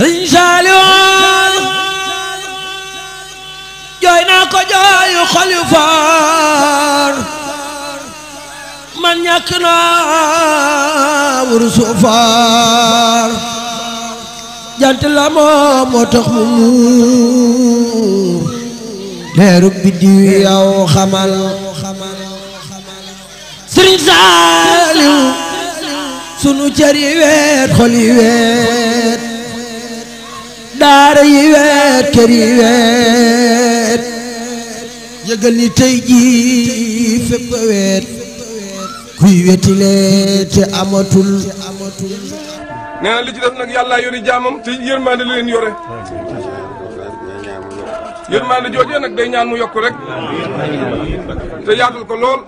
sëriñ Saliou jooy naa ko jooyu xol yu foor man ñàkk naa wursu foor jant la moom moo mu muur leerub biddiw yow xamal sëriñ Saliou sunu cër yi weet xol yi daara yi weer kër yi weer yëgal ni tey jii fépp weer kuy wetilee te amatul nee li ci def nag yàlla yori jaamam te yërmande la leen yore yërmande joojee nag day ñaan mu yokk rek te yaatal ko lool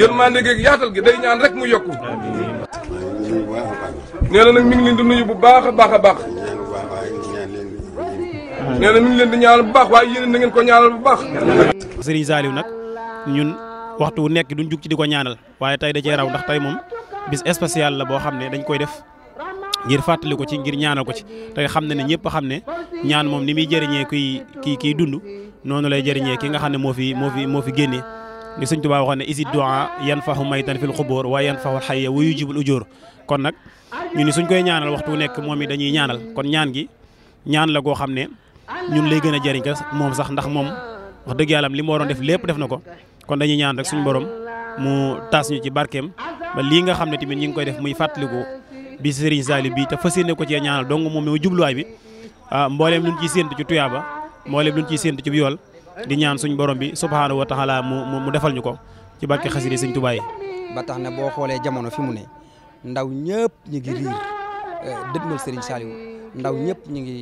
yërmande geeg yaatal gi day ñaan rek mu yokku nee mi ngi leen di nuyu bu baax a baax a baax. bu baax waaye yéen na ko ñaanal bu baax. Serigne Saliou nag ñun waxtu nekk duñ jug ci di ko ñaanal waaye tey da cee ndax tey moom bis spécial la boo xam ne dañ koy def. ngir fàttali ko ci ngir ñaanal ko ci te xam na ne ñëpp xam ne ñaan moom ni muy jariñee kuy kii kiy dund noonu lay jariñee ki nga xam ne moo fi moo fi moo fi génnee suñ sëñ Tuubaa waxoon ne isi doa yan faxu maytan fil xubóor waaye yan faxu xayya wuyu jibul ujóor kon nag ñu ni suñ koy ñaanal waxtu wu nekk moom i dañuy ñaanal kon ñaan gi ñaan la goo xam ne ñun lay gën a jëriñ ka moom sax ndax moom wax dëgg yàlla li mu waroon def lépp def na ko kon dañuy ñaan rek suñu borom mu taas ñu ci barkeem ba lii nga xam ne tamit ñi ngi koy def muy fàttaliku bi Serigne Saliou bi te fas yéene ko cee ñaanal donc moom mooy jubluwaay bi ah, mbooleem luñ ciy séentu ci tuyaaba mbooleem luñ ciy séentu ci yool di ñaan suñ borom bi subhaanahu wa taala mu mu defal ñu ko ci barke xasida sëñ Tuubaa yi ba tax ne boo xoolee jamono fi mu ne ndaw ñëpp ñu ngi riir eh, dëgmal Serigne Saliou ndaw ñëpp ñu ngi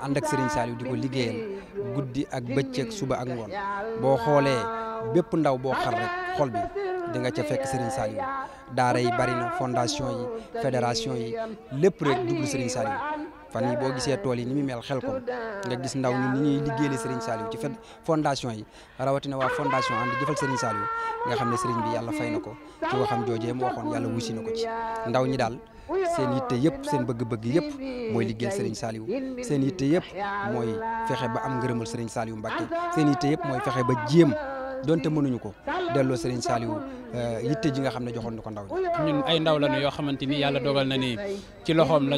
ànd ak Serigne Saliou di ko liggéeyal guddi ak bëccëg suba ak ngoon boo xoolee bépp ndaw boo xar rek xol bi di nga ca fekk Serigne Saliou daara yi bari na fondation yi fédération yi lépp rek dugg Serigne Saliou fan yi boo gisee tool yi ni muy mel xel ko nga gis ndaw ñi ni ñuy liggéeyale Serigne Saliou ci fet fondation yi rawatina waa fondation ànd jëfal Serigne Saliou nga xam ne Serigne bi yàlla fay na ko ci waxam joojee mu waxoon yàlla wusi na ko ci ndaw ñi daal seen yitte yëpp seen bëgg-bëgg yëpp mooy liggéeyal Serigne Saliou seen yitte yëpp mooy fexe ba am ngërëmal Serigne Saliou Mbacké seen yitte yëpp mooy fexe ba jéem donte mënuñu ko delloo Serigne Saliou Euh, yitte ji nga xam ne joxoon na ko ndaw ni la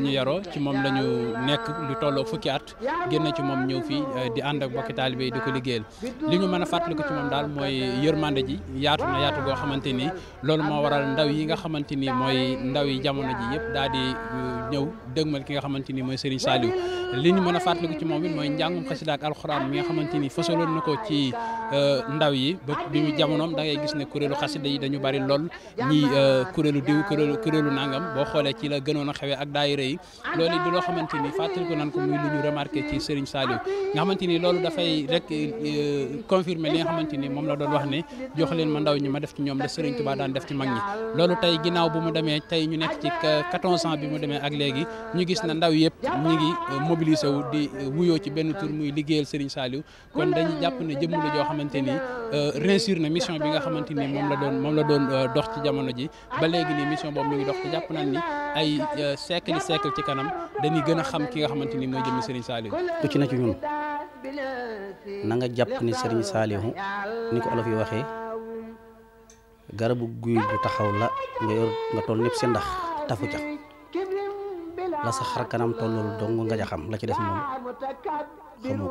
ñu yaroo ci moom la ñu nekk lu tolloo fukki at génn ci moom ñëw fii euh, di ànd ak bokki taalibe yi di ko liggéeyal li ñu a fàttaliku ci moom daal mooy yërmande ji yaatu na yaatu ni loolu moo waral ndaw yi nga xamante ji yëpp daal di euh, ñëw dëgmal ki nga xamante ni mooy Serigne Saliou li ñu mën a fàttaliku ci moom mooy njàngum xasida ak alxuraan mi nga xamante ni fësaloon na ko ci ndaw yi ba bi jamonoom da ngay gis ne kuréelu xasida yi dañu bari lool ñi euh, kuréelu diw kuréelu kuréelu nangam boo xoolee ci la gënoon a xewee ak daayira yi loolu di loo xamante ni fàttaliku nan ko muy lu ñu remarqué ci Serigne Saliou nga xamante ni loolu dafay rek euh, confirmer li nga xamante ni moom la doon wax ne jox leen ma ndaw ñi ma def ñoom la Serigne Touba daan def ci mag ñi loolu tey ginnaaw bu mu demee tey ñu nekk ci 14 ans bi mu demee ak léegi ñu gis na ndaw yëpp ñu ngi euh, mobilisé wu di wuyoo ci benn tur muy liggéeyal Serigne kon dañuy jàpp ne xamante ni réussir na mission bi nga xamante ni moom la doon la doon euh, dox ci jamono ji ba léegi nii mission boobu mi ngi dox te jàpp naan ni ay euh, siècle siècle ci kanam dañuy gën a xam ki nga xamante ni mooy jëmmi Serigne Saliou. ci na ci nga jàpp ni Serigne Saliou ni ko olof yi waxee garabu guy bu taxaw la nga yor nga si ndax tafu ca la sa xar kanam tollool dong nga ja xam la ci def moom xamoo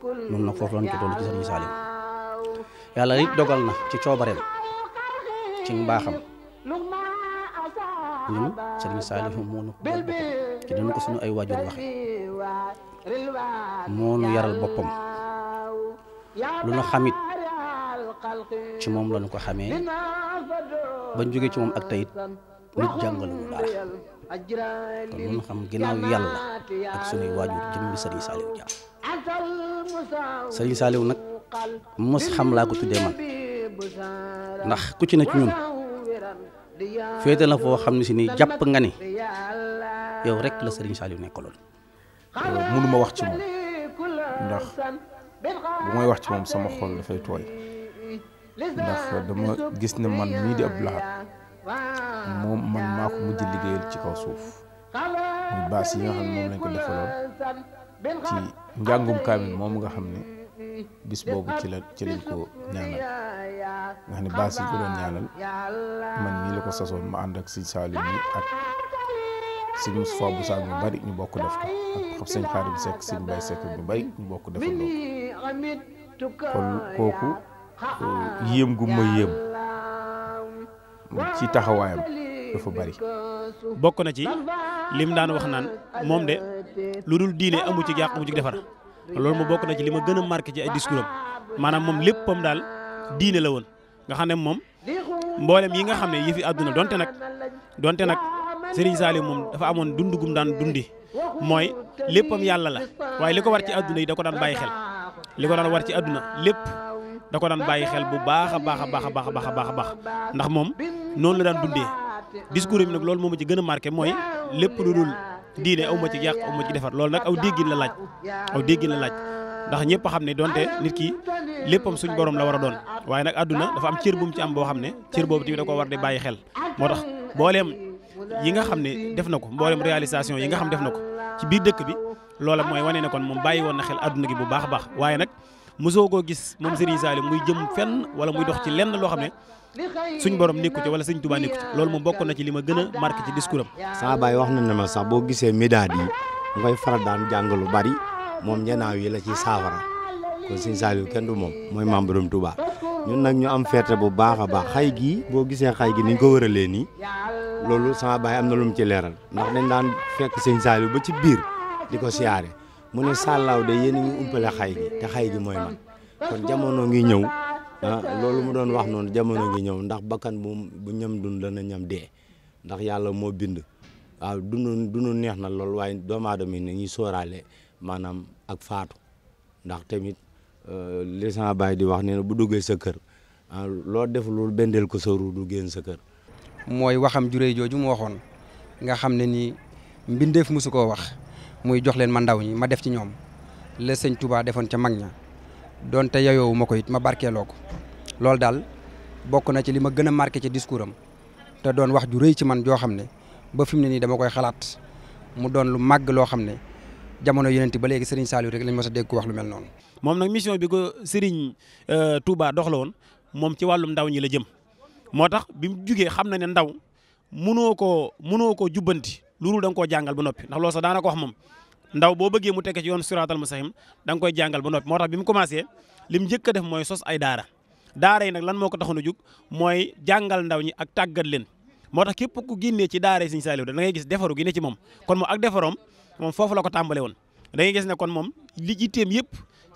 ko noonu nag foofu la ñu ci ci Serigne Saliou. yàlla it dogal na ci coobareem ci mbaaxam ñun sëriñ Saalihu moo nu ko ci suñu ay waajur waxe nu yaral boppam lu nu xamit ci moom la ñu ko xamee bañ jógee ci moom ak tayit nit jàngalu dara kon mun xam ginnaaw yàlla ak suñuy waajur jëm bi sëriñ Saalihu Dia sëriñ Saalihu nag mos xam laa ko tuddee man ndax ku ci ne ci ñun féete na foo xam ne si nii jàpp nga ni yow rek la Serigne Saliou nekkaloon. Euh, mënuma wax ci moom ndax bu may wax ci moom sama xol dafay tooy ndax dama gis ne man mii di Abdou Lahad moom man maa ko mujj liggéeyal ci kaw suuf muy baas yi nga xam ne moom lañ ko defaloon ci njàngum kaamil moom nga xam ne. bis boobu ci la ci lañ ko ñaanal nga ni baas yi ko doon ñaanal man mii la ko sasoon ma ànd ak sëñ Saalim yi ak bu Saal ñu bari ñu bokk def ko ak xam sëñ Xaadim Seck sëñ Bay sek ñu bari ñu bokk def ko kon kooku eh, yéem gu ma yéem ci taxawaayam dafa bari bokk na ci lim daan wax naan moom de lu dul diine amu ci yàq amu ci defar loolu mu bokk na ci li ma gën a marqué ci ay discours am maanaam moom léppam daal diine la woon nga xam ne moom mboolem yi nga xam ne yëfi àdduna donte nag donte nag Serigne Saliou moom dafa amoon dund gum daan dundi mooy léppam yàlla la waaye li ko war ci àdduna yi da ko daan bàyyi xel li ko daan war ci àdduna lépp da ko daan bàyyi xel bu baax a baax a baax a baax a baax a baax ndax moom noonu la daan dundee discours yi nag loolu moom ci gën a marqué mooy lépp lu dul diine aw ma ci yàq aw ma ci defar loolu nag aw déggin la laaj aw déggin la laaj ndax ñëpp xam ne donte nit ki léppam suñ borom la war a doon waaye nag àdduna dafa am cër bu mu ci am boo xam ne cër boobu tamit da ko war di bàyyi xel moo tax mbooleem yi nga xam ne def na ko mbooleem réalisation yi nga xam def na ko ci biir dëkk bi loola mooy wane ne kon moom bàyyi woon na xel àdduna gi bu baax a baax waaye nag mosoo koo gis moom Serigne Saliou muy jëm fenn wala muy dox ci lenn loo xam ne suñ borom nekku ci wala suñ Tuubaa nekku ci loolu moom bokkoon na ci li ma gën a marqué ci discours am sama baay wax na ne ma sax boo gisee médaad yi mu koy faral daan jàng lu bari moom njanaaw yi la ci saafara kon sëñ Saliou kenn du moom mooy maam dum Tuubaa ñun nag ñu am fête bu baax a baax xay gi boo gisee xay gi niñ ko wëralee nii loolu sama baay am na lu mu ci leeral ndax dañ daan fekk sëñ Saliou ba ci biir di ko siyaare mu ne sàllaaw de yéen a ngi umpale xay xay gi mooy man kon jamono ngi ñëw Ah, loolu mu doon wax noonu jamono ngi ñëw ndax bakkan bu bu ñam dund na ñam dee ndax yàlla moo bind waaw dund dund neex na lool waaye doomu aadama yi nañuy sóoraale maanaam ak faatu ndax tamit euh, li sama baay di wax nee na bu duggee sa kër ah, loo def bendeel ko soru ru du génn sa kër. mooy waxam juree jooju mu waxoon nga xam ne nii mbindeef mosu koo wax muy jox leen ma ndaw ñi ma def ci ñoom la sëñ Touba defoon ca mag ña. donte yayoowu ma ko it ma barkeeloo ko loolu daal bokk na ci li ma gën a marqué ci discours am te doon wax ju rëy ci man joo xam ne ba fi mu ne nii dama koy xalaat mu doon lu màgg loo xam ne jamono yonent ba léegi Serigne Saliou rek lañ mës a dégg ko wax lu mel noonu. moom nag mission bi ko Serigne euh, Touba dox la woon moom ci wàllum ndaw ñi la jëm moo tax bi mu jugee xam na ne ndaw mënoo koo mënoo koo jubbanti loolu da nga koo jàngal ba noppi ndax loolu sax daana ko wax moom. ndaw boo bëggee mu tekkee ci yoon siraatal mustaqim da danga koy jàngal ba noppi moo tax bi mu commencé li mu njëkk def mooy sos ay daara daara yi nag lan moo ko taxoon a jug mooy jàngal ndaw ñi ak tàggat leen moo tax képp ku génnee ci daara yi Sëriñ Saaliw da ngay gis defaru gi ne ci moom kon moom ak defaroom moom foofu la ko tàmbale woon da ngay gis ne kon moom li jitteem yëpp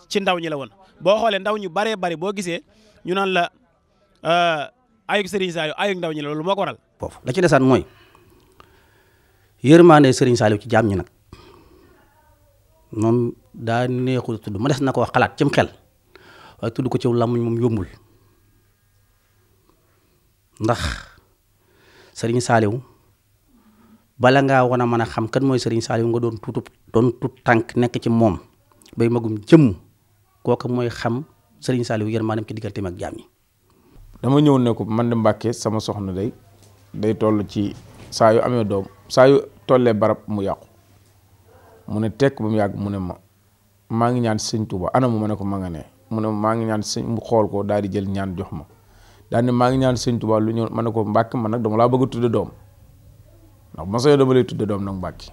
ci ndaw ñi la woon boo xoolee ndaw ñu baree bari boo gisee ñu naan la euh, ayug Serigne Saliou ayug ndaw ñi la loolu moo ko waral. foofu la ci desaan mooy yërmande Serigne Saliou ci jaam ñi nag mom da neexu tudd ma des nako xalat ci xalaat cim xel waaye tudd ko ci làmmiñ mom yombul ndax serigne saaliw bala nga wona mana xam kan moy serigne saaliw nga don tuutub don tut tank nek ci mom bay magum jëm kooku moy xam serigne saaliw yéen manam ci digganteem ak jami dama ñew ne ko man de mbacke sama soxna day day toll ci sayu yu amee dom saa yu mu yàqu mu ne tekk ba mu yàgg mu ne ma maa ngi ñaan sëñ Touba anamu ma ne ko ma nga ne mu ne maa ngi ñaan sëñ mu xool ko daal di jël ñaan jox ma daal maa ngi ñaan sëñ lu ñëw ma ne ko mbàkk ma nag dama laa bëgg tudde doom ndax ma sooy dama lay doom nag mbàkki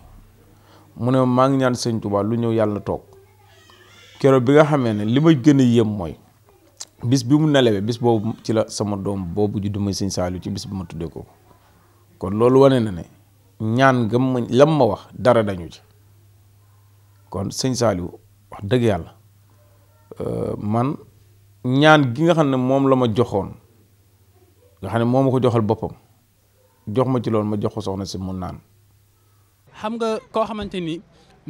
mu ne ma ngi ñaan sëñ Touba lu ñëw yàlla toog keroo bi nga xamee ne li ma gën a yëm mooy bis bi mu nelawee bis boobu ci la sama doom boobu juddu may sëñ saalu ci bis bi ma tuddee ko kon loolu wane na ne ñaan gëm ma lam ma wax dara dañu ci kon sëñ Saliou wax dëgg yàlla euh, man ñaan gi nga xam ne moom la ma joxoon nga xam ne moo ma ko joxal boppam jox ma ci loolu ma jox ko soxna si mu naan. xam nga koo xamante ni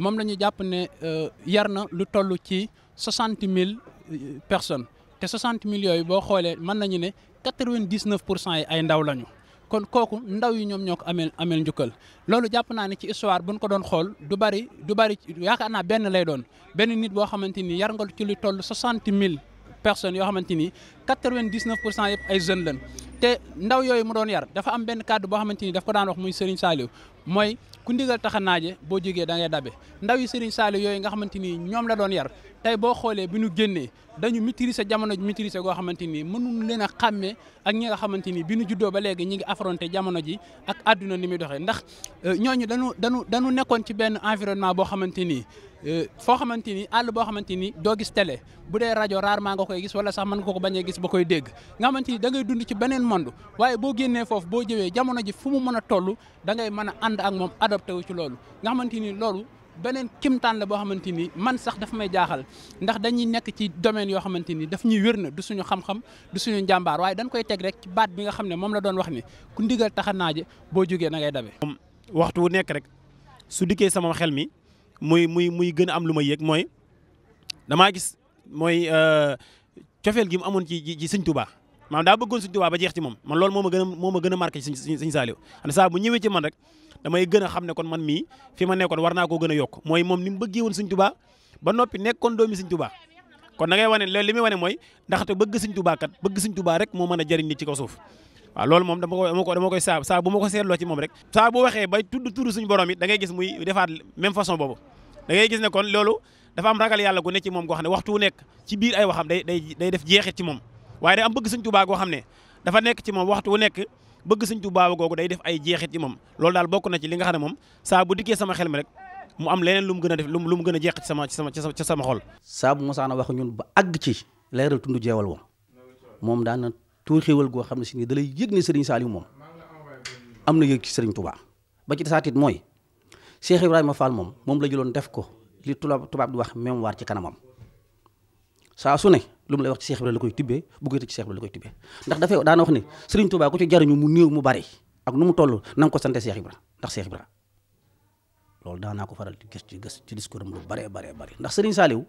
moom la jàpp ne euh, yar na lu toll ci soixante mille euh, personnes te soixante mille yooyu boo xoolee mën nañu ne quatre-vingt-dix-neuf pour cent yi ay ndaw lañu. kon kooku ndaw yi ñoom ñoo ko ameel ameel njukkal loolu jàpp naa ne ci histoire buñ ko doon xool du bari du bari yaakaar naa benn lay doon benn nit boo xamante ni yar nga ci lu toll soixante mille personnes yoo xamante ni quatre-vingt-dix-neuf pour cent yëpp ay jeunes lañ te ndaw yooyu mu doon yar dafa am benn kàddu boo xamante ni daf ko daan wax muy Serigne Saliou mooy ku ndigal tax a naaje boo jógee da dabe ndaw yi Serigne Saliou yooyu nga xamante ni ñoom la doon yar tey boo xoolee bi nu génnee dañu maîtriser jamono ji maîtriser goo xamante ni mënuñu leen a xàmmee ak ñi nga xamante ni bi ñu juddoo ba léegi ñi ngi affronté jamono ji ak àdduna ni muy doxee ndax euh, ñooñu dañu dañu dañu nekkoon ci benn environnement boo xamante ni Euh, foo xamante ni àll boo xamante ni doo gis télé bu dee rajo maa nga koy gis wala sax man nga ko bañ a gis ba koy dégg nga xamante ni ngay dund ci beneen monde waaye boo génnee foofu boo jëwee jamono ji fu mu mën a toll da ngay a ànd ak moom adopté wu ci loolu nga xamante ni loolu beneen kimtaan la boo xamante ni man sax dafa may jaaxal ndax dañuy nekk ci domaine yoo xamante ni daf ñuy wér na du suñu xam-xam du suñu njàmbaar waaye dañ koy teg rek ci baat bi nga xam ne moom la doon wax ni ku ndigal taxa naaje boo jógee na ngay dabe. waxtu wu nekk rek su dikkee sama xel mi muy muy muy gën a am lu ma yëg mooy damaa gis mooy euh, cofeel gi mu amoon ci ci sëñ Touba maanaam daa bëggoon sëñ Touba ba jeex ci moom man loolu moo ma gën a moo ma gën a marqué ci sëñ sëñ Saliou xam ne saa ñëwee ci man rek damay gën a xam ne kon man mii fi ma nekkoon war naa koo gën a yokk mooy moom ni mu bëggee woon sëñ Touba ba noppi nekkoon doomi sëñ Touba kon da ngay wane loolu li muy wane mooy ndaxte bëgg sëñ Touba kat bëgg sëñ Touba rek moo mën a jariñ nit ci kaw suuf waaw loolu moom dama ko dama ko dama koy saa saa bu ma ko seetloo ci moom rek saa bu waxee bay tudd tudd suñu borom it gis muy defaat même façon boobu da gis ne kon loolu dafa am ragal yàlla gu ne moom goo xam ne waxtu wu nekk ci biir ay waxam day day day def jeexit ci moom waaye day am goo xam ne dafa nekk ci moom waxtu wu nekk bëgg suñ tubaa googu day def ay jeexit ci moom loolu daal bokk na ci li nga xam ne moom saa bu dikkee sama xel mi rek am leneen lu mu gën a def lu mu gën a jeexit ci sama ci sama ci sama xol saa bu mosaana wax ñun ba àgg ci leeral tund jeewal wo moom daan na tuur xéewal goo xam ne si ni dalay yëg ne sëriñ Saliou moom am na yëg ci sëriñ Touba ba ci tasaatit mooy Cheikh ma Fall moom moom la jëloon def ko li tubaab di wax mémoire ci kanamam saa su ne lu mu lay wax ci Cheikh Ibrahima la koy tibbee bu koy ci Cheikh Ibrahima la koy tibbee ndax dafay daana wax ne sëriñ Touba ku ci jariñu mu néew mu bari ak nu mu toll na nga ko sante Cheikh Ibrahima ndax Cheikh Ibrahima loolu daanaa ko faral di gës ci gës ci discours am lu baree baree bari ndax sëriñ Saliou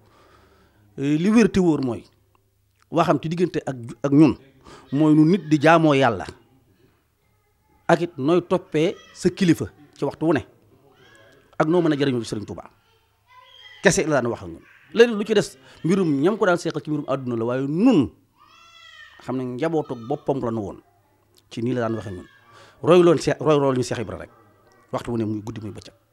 eh, li wér te wóor mooy waxam ci diggante ak ak ñun mooy nu nit di jaamoo yàlla ak it nooy toppee sa kilifa ci waxtu wu ne ak noo mën a jëriñoo Sëriñ Tuubaa kese la daan wax ak ñun leneen lu ci des mbirum ñam ko daan seeqal ci mbirum àdduna la waaye nun xam ne njabootu boppam la nu woon ci nii la daan waxe ñun roy loon se roy loolu ñu Seex Ibra rek waxtu wu ne muy guddi muy bëccëg